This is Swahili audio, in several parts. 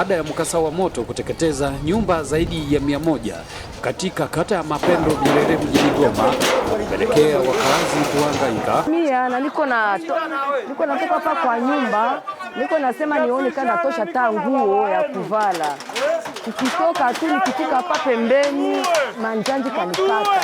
baada ya mkasa wa moto kuteketeza nyumba zaidi ya mia moja katika kata ya Mapendo Nyerere mjini Goma, kupelekea wakazi kuhangaika. na niko na niko natoka hapa kwa nyumba, niko nasema nione kana tosha ta nguo ya kuvala, nikitoka tu nikifika hapa pembeni manjanji kanikata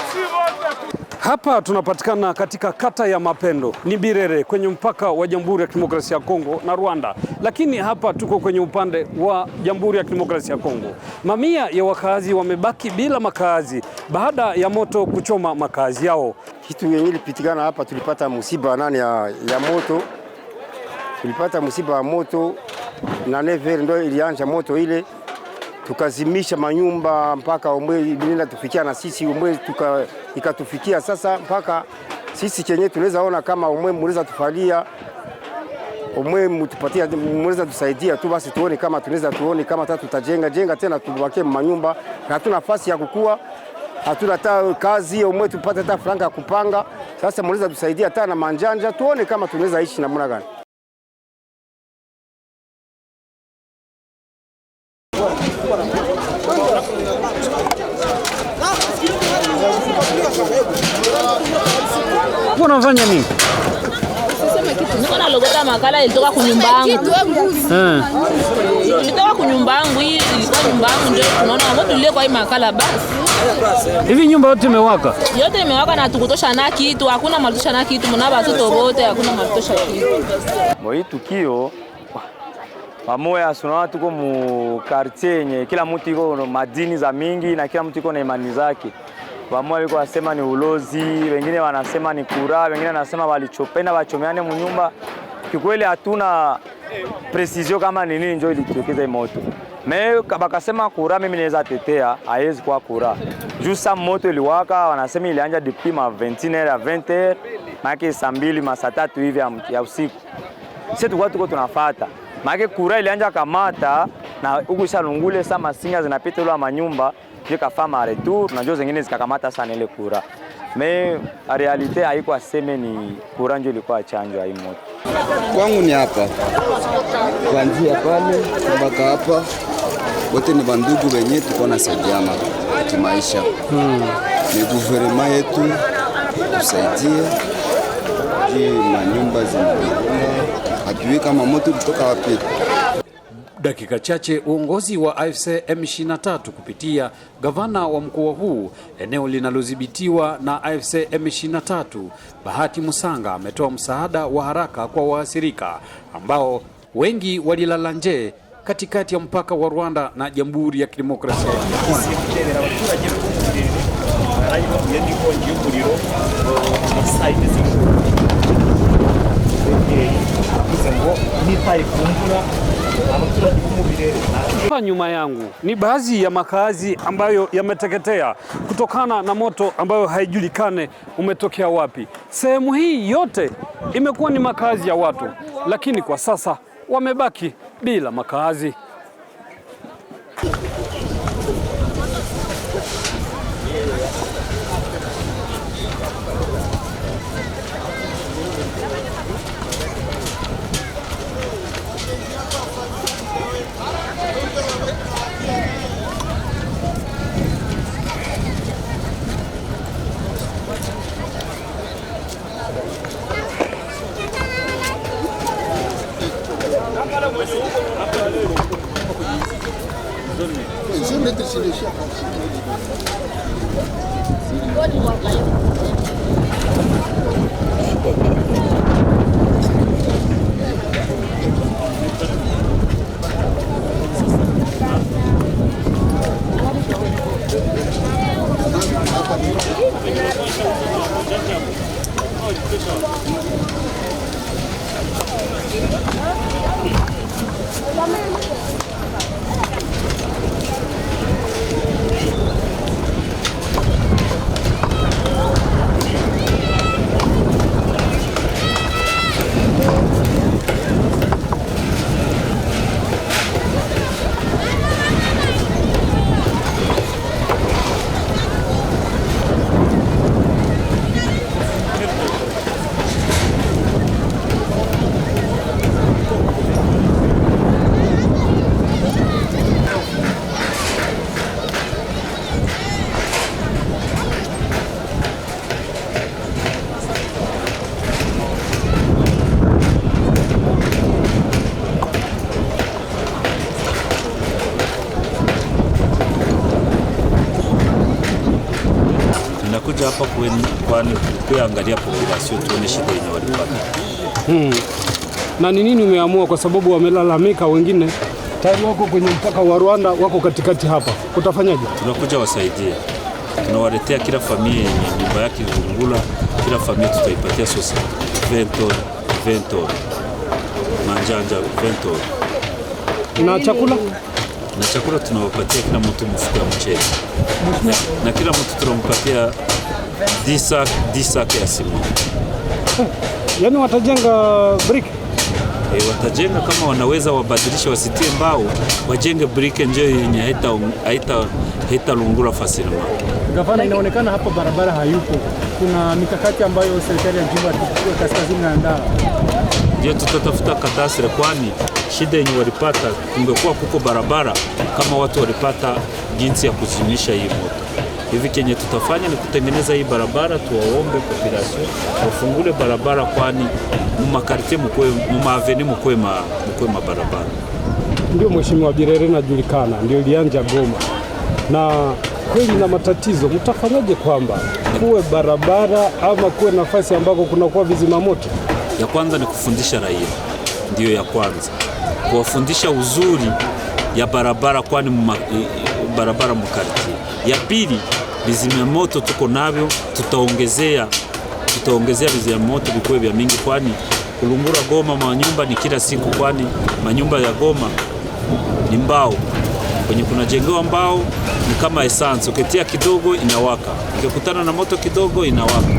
hapa tunapatikana katika kata ya Mapendo ni Birere kwenye mpaka wa Jamhuri ya Kidemokrasia ya Kongo na Rwanda, lakini hapa tuko kwenye upande wa Jamhuri ya Kidemokrasia ya Kongo. Mamia ya wakazi wamebaki bila makazi baada ya moto kuchoma makazi yao. Kitu yenye ilipitikana hapa, tulipata msiba nani ya, ya moto, tulipata msiba wa moto na never ndio ilianja moto ile tukazimisha manyumba mpaka umwe bila tufikia na sisi Umwezi ikatufikia sasa mpaka sisi chenye tunaweza ona kama umwe mweza tufalia umwe mtupatia mweza tusaidia tu basi, tuone kama tunaweza tuone kama tata tutajenga jenga tena tubake manyumba. Hatuna nafasi ya kukua, hatuna ta kazi umwe tupate hata franga ya kupanga. Sasa mweza tusaidia na manjanja, tuone kama tunaweza ishi namna gani. unafanya nini? Niko nalogota makala ilitoka kwa nyumba yangu. Eh. Ilitoka kwa nyumba yangu, hii ilikuwa nyumba yangu ndio tunaona moto ile kwa hii makala basi. Hivi nyumba yote imewaka? Yote imewaka na tukutosha na kitu, hakuna malitosha na kitu, mna watoto wote hakuna malitosha kitu. Moi tukio pamoya sana watu kwa mu quartier yenye kila mtu iko madini za mingi na kila mtu iko na imani zake. Wamoja walikuwa wanasema ni ulozi, wengine wanasema ni kura, wengine wanasema walichopenda wachomeane mnyumba. Kikweli hatuna precision kama ni nini ndio ilitekeza moto. Me bakasema kura, mimi naweza tetea, haiwezi kuwa kura. Juu sa moto iliwaka, wanasema ilianja depuis ma 20 h ya 20h, maana saa mbili masaa tatu hivi ya usiku. Sisi tulikuwa tuko tunafuata. Maana kura ilianja kamata na huku shalungule, sa masinga zinapita ile manyumba jikafama retour na njo zingine zikakamata sana ile kura me realite haiko aseme ni kura njo ilikuwa chanjo hai moto kwangu ni hapa kuanzia pale mpaka hapa wote ni bandugu wenye tuko na saidiana kimaisha hmm. Ni guvernema yetu tusaidie juu manyumba zinaungua, hatujui kama moto kutoka wapi Dakika chache uongozi wa AFC M23 kupitia gavana wa mkoa huu eneo linalodhibitiwa na AFC M23 Bahati Musanga ametoa msaada wa haraka kwa waathirika ambao wengi walilala nje katikati ya mpaka wa Rwanda na Jamhuri ya Kidemokrasia ya Kongo. Hapa nyuma yangu ni baadhi ya makazi ambayo yameteketea kutokana na moto ambayo haijulikane umetokea wapi. Sehemu hii yote imekuwa ni makazi ya watu, lakini kwa sasa wamebaki bila makazi. metresidir. Thank you. tunakuja hapa kuangalia population tuone shida yenye walipata. Hmm. Na ni nini umeamua? Kwa sababu wamelalamika wengine tayari wako kwenye mpaka wa Rwanda, wako katikati hapa, utafanyaje? Tunakuja wasaidie, tunawaletea kila familia yenye nyumba yake Rungula, kila familia tutaipatia sosi vento vento manjanja vento na chakula na chakula tunawapatia kila mtu mfuko wa mchele na kila mtu tunampatia disa disa kiasi hmm. Yaani watajenga brick eh, watajenga kama wanaweza wabadilisha, wasitie mbao, wajenge brick ndio yenye haita haita haita lungura fasili. Gavana, inaonekana hapa barabara hayupo. Kuna mikakati ambayo serikali ya jimbo ya kaskazini inaandaa, ndio tutatafuta kadastre, kwani shida yenye walipata, kungekuwa kuko barabara kama watu walipata jinsi ya kuzimisha hii moto Hivi kenye tutafanya ni kutengeneza hii barabara, tuwaombe population wafungule barabara, kwani mumakartie mumaaveni mukwe mabarabara. Ndio Mheshimiwa Birere najulikana, ndio ilianja Goma na kweli na matatizo, mtafanyaje kwamba kuwe barabara ama kuwe nafasi ambako kunakuwa vizima moto? Ya kwanza ni kufundisha raia, ndiyo ya kwanza, kuwafundisha uzuri ya barabara, kwani eh, barabara mkarti ya pili, bizima moto tuko navyo, tutaongezea tutaongezea vizima moto vikuwe vya mingi, kwani kulungura Goma manyumba ni kila siku, kwani manyumba ya Goma ni mbao kwenye kunajengewa mbao ni kama essence, ukitia kidogo inawaka, ukikutana na moto kidogo inawaka.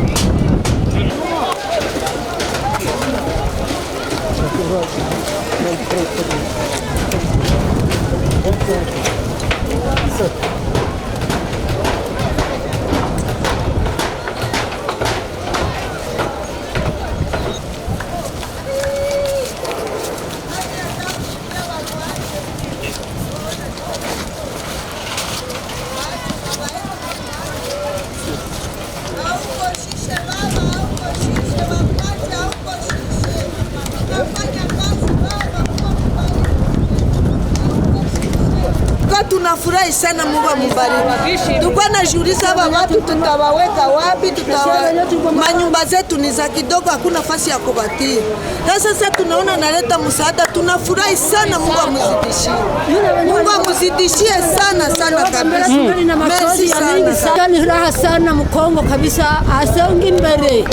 Tunafurahi sana, Mungu amubariki. Tulikuwa najiuliza hawa watu tutawaweka wapi, tutawa manyumba zetu ni za kidogo, hakuna nafasi ya kubatia. Na sasa tunaona naleta msaada, tunafurahi sana. Mungu amuzidishie, Mungu amuzidishie sana sana kabisa. Hmm. Merci sana, ni raha sana Mkongo kabisa, asongi mbele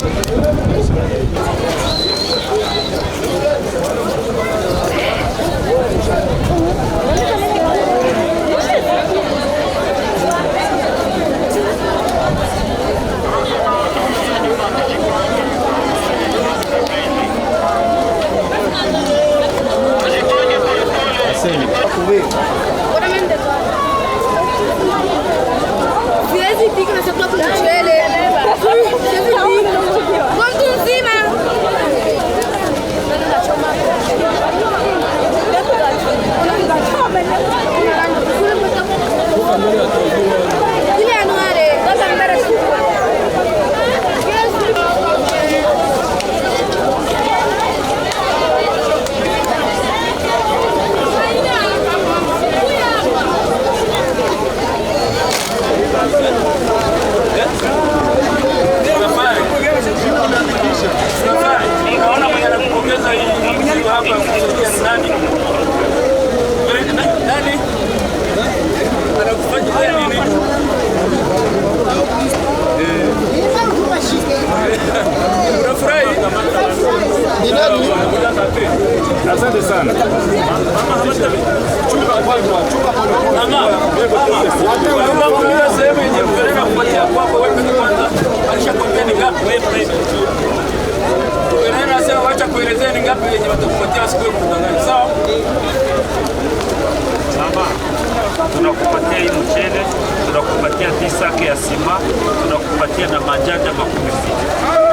kufuatia na majanja makumi sita.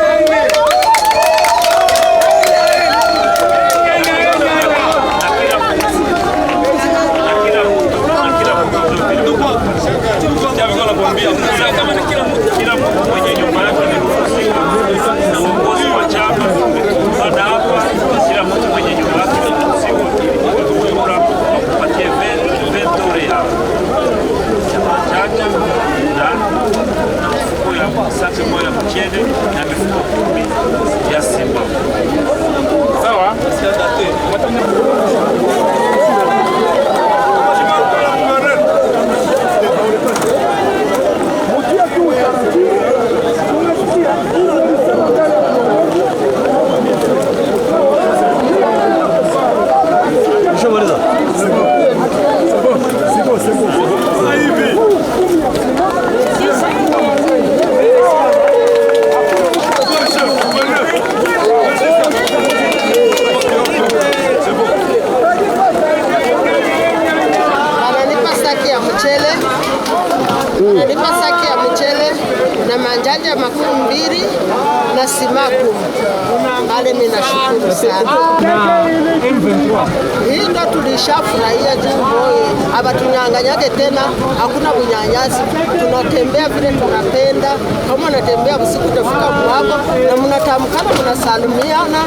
usiku utafika kwako, na mnatamkana, mnasalimiana,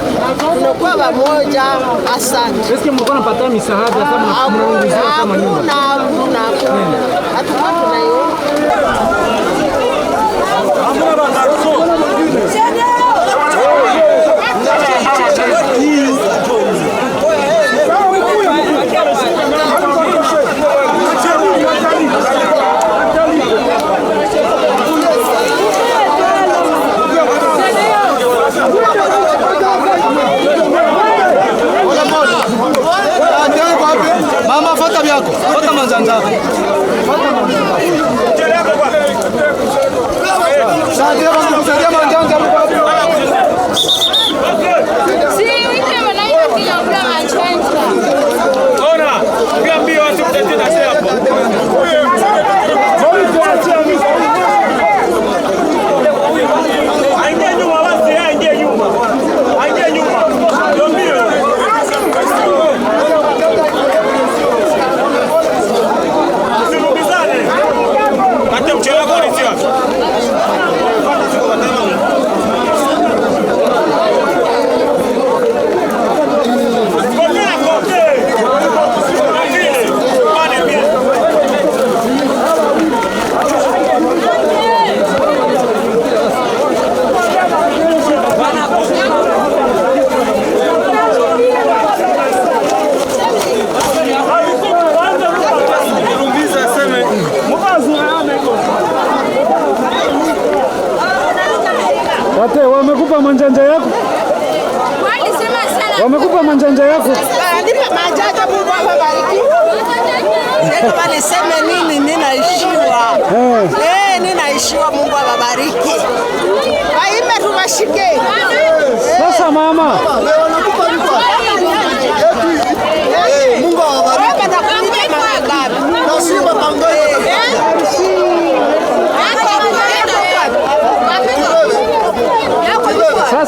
mnakuwa pamoja. Asante. Hakuna, hakuna, hakuna.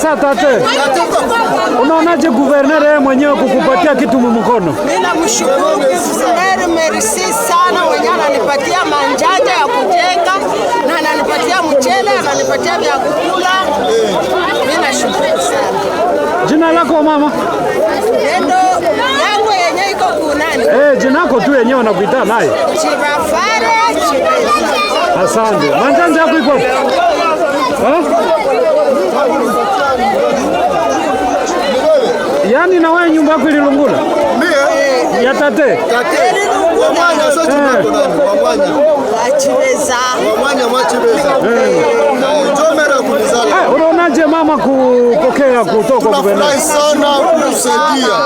Sasa Tate, unaonaje guverner yeye mwenyewe kukupatia kitu mumkono? Mimi namshukuru guverner, merci sana mwenye ananipatia manjanja ya kujenga na ananipatia mchele, ananipatia vya kukula. Mimi nashukuru sana. Jina lako mama? Ndio yangu yenye iko kunani? Eh, jina lako tu yenyewe unakuita naye. Chibafare, chibesa. Asante. Manjanja yako iko? Eh? kwani na wewe nyumba yako ililungula? Mimi eh, ya tate. Tate. Wa mwana sasa eh. tunakonani wa mwana. Achibeza. Wa eh. unaonaje mama kupokea kutoka kwa Bwana? sana kusaidia.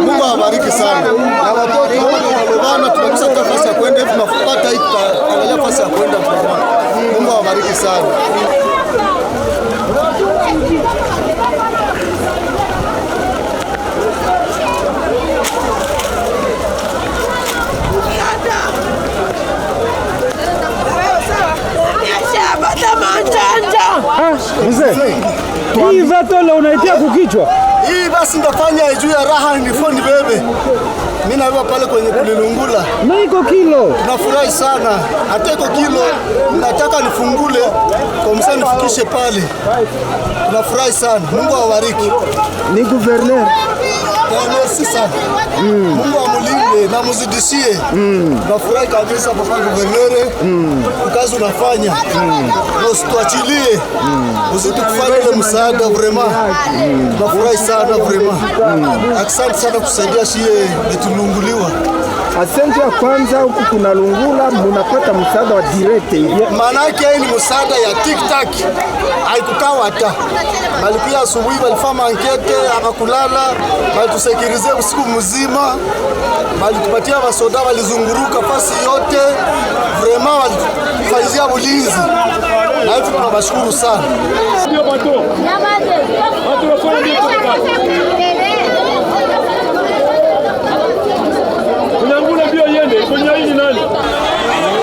Mungu awabariki sana. Na watoto wanaobana tunakosa nafasi ya kwenda hivi tunapata hii tutaangalia nafasi ya kwenda Mungu awabariki sana. Mzee, hii vatola unaitia kukichwa hii basi ndafanya juu ya raha nifoni bebe mimi naiva pale kwenye kulilungula na iko kilo, nafurahi sana hata iko kilo. Nataka nifungule kwa msa nifikishe pale, nafurahi sana. Mungu awabariki. Ni guverner tuonyeshe sana mm. Mungu amulinde na muzidishie mm. Nafurahi kabisa papa guvernere mm. Kazi unafanya mm. Usituachilie mm. Uzidi kufanya ile msaada vrema mm. Nafurahi sana vrema mm. Asante sana kusaidia shie netulunguliwa asente ya kwanza huku kuna Lungula, munapata msaada wa direct. Maanake hii ni msaada ya tiktak, haikukawa hata balikuya asubuhi, walifama ankete abakulala, balitusekirize usiku mzima, balitupatia basoda, walizunguruka fasi yote, vrema walifaizia bulinzi na hivi tunabashukuru sana. 我娘一进来。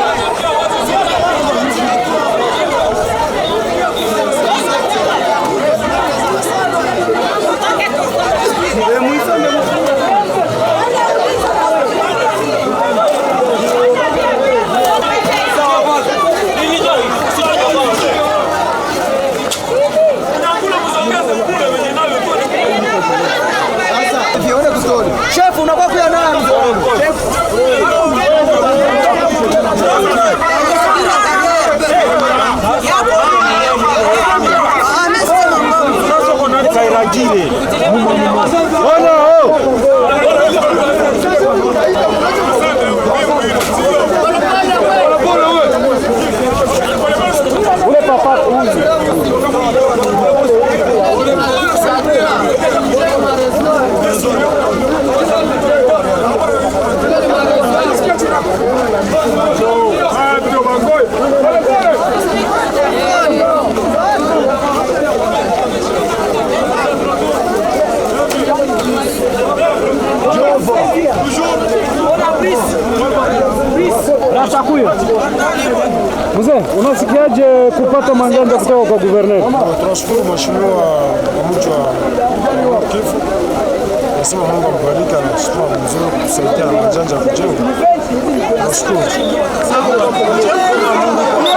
Mzee, unasikiaje kupata manganja kutoka kwa guverneri? Tunashukuru mheshimiwa wa mji nasema Mungu ambariki, anasukuma mzuri kutusaidia na kujenga. Nashukuru.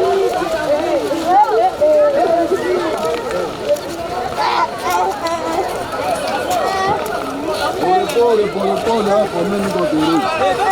polepole polepole hapo, mimi niko tulivu. Polepole.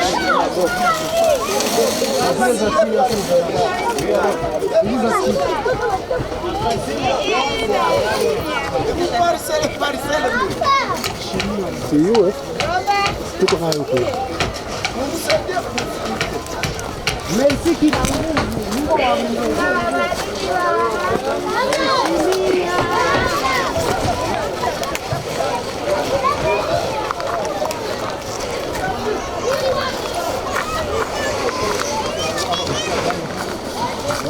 See you, eh? Tudo raio aqui. Nem sei que não. Não vou abrir.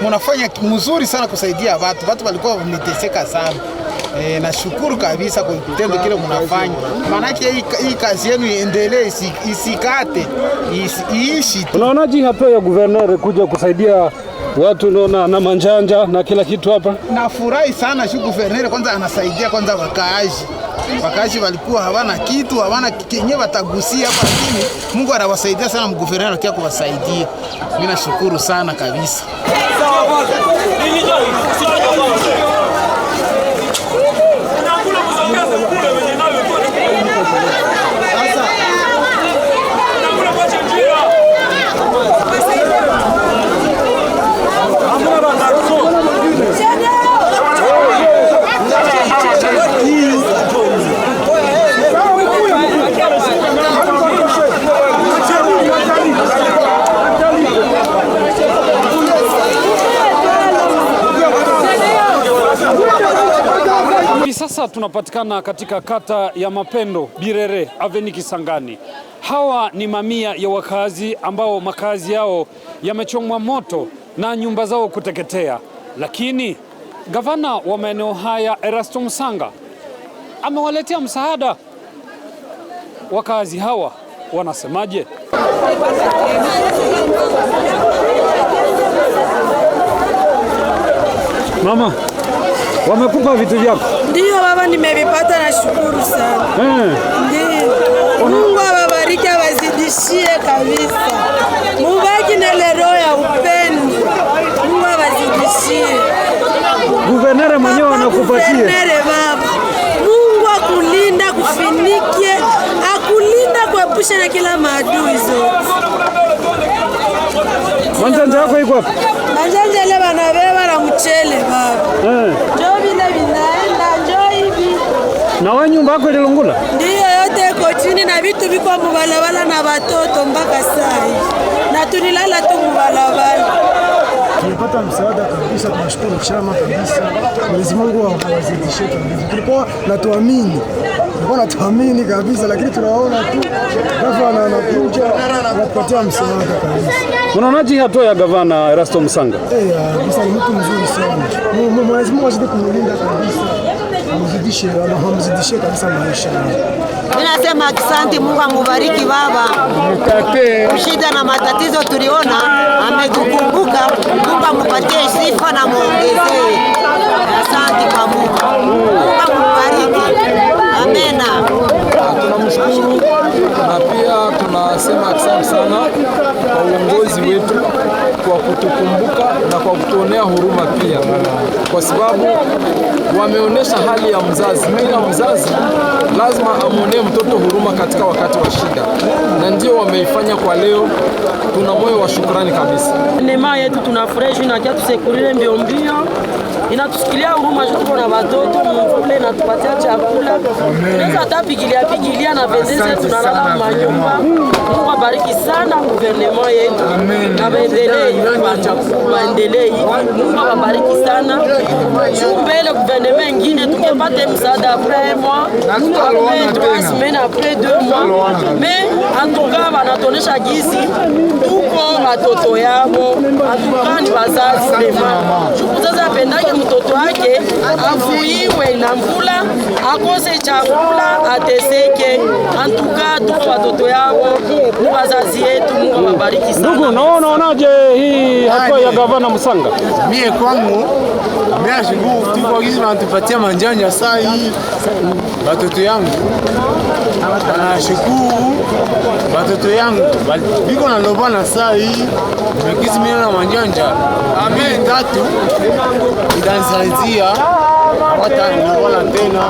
munafanya mzuri sana kusaidia watu, watu walikuwa wameteseka sana. E, nashukuru kabisa kwa kitendo kile mnafanya, maanake hii kazi yenu iendelee, isikate isi, iishi. Unaonaje hatua ya guverner kuja kusaidia watu naona na manjanja na kila kitu hapa? Nafurahi sana shu guverner, kwanza anasaidia kwanza wakaaji wakaaji walikuwa hawana kitu, hawana kenye watagusia hapa, lakini Mungu anawasaidia sana. Mguverneri akiwa kuwasaidia, mimi nashukuru sana kabisa. Thank you. sasa tunapatikana katika kata ya Mapendo Birere Aveni Kisangani. Hawa ni mamia ya wakazi ambao makazi yao yamechomwa moto na nyumba zao kuteketea, lakini gavana wa maeneo haya Erasto Msanga amewaletea msaada. Wakazi hawa wanasemaje? Mama Wamekupa vitu vyako? Ndio baba, nimevipata na shukuru sana. Eh. Ndio. Mungu awabariki awazidishie kabisa. Mubaki na lero ya upendo. Mungu awazidishie. Guvernere mwenyewe anakupatia. Guvernere baba. Mungu akulinda kufinikie, akulinda kuepusha na kila maadui zote. Manjanja yako iko wapi? Manjanja ile bana Chele baba. Eh. Njoo vile vinaenda, njoo hivi. Na wewe nyumba yako ililungula? Ndio, yote iko chini na vitu viko mubalabala na watoto mpaka saa hii. Na tulilala tu mubalabala tumepata msaada kabisa, tunashukuru chama kabisa. Mwenyezi Mungu awazidishie kabisa. Tulikuwa natuamini, tulikuwa natuamini kabisa, lakini tunaona tu gavana na anakuja anatupatia msaada kabisa. Unaonaje hatua ya gavana Erasto Musanga? Eh, kabisa ni mtu mzuri sana. Mwenyezi Mungu azidi kumlinda kabisa, amzidishie kabisa maisha yake. Ninasema akisanti, Mungu amubariki baba. Shida na matatizo tuliona ametukumbuka, Mungu amupatie sifa na muongezee ameonyesha hali ya mzazi. Kila mzazi lazima amwonee mtoto huruma katika wakati wa shida, na ndio wameifanya kwa leo. Tuna moyo wa shukrani kabisa. nema yetu tunafurahi na kia tusekurire mbio mbio inatusikilia huruma tuko na watoto mvule, inatupatia chakula, inaweza hata pigilia pigilia na vendeze, tunalala manyumba. Mungu abariki sana guvernema yetu na maendelei maendelei, Mungu abariki sana jumbele guvernema ingine, tukepate msaada apres moi apres trois semaines apres deux mois, mais antuka wanatuonesha gisi tuko matoto yavo atukani wazazi lema sasa apendake mtoto wake avuiwe na mvula akose chakula ateseke. Antuka tuko watoto yavo ni wazazi yetu, Mungu awabariki sana. Ndugu, naona hii hatua ya gavana Musanga? Mie kwangu anatupatia manjanja saa hii batoto yangu anashukuru, batoto yangu biko nalobana saa sai mekisi mimi na manjanja amini tatu idansaidia watangola tena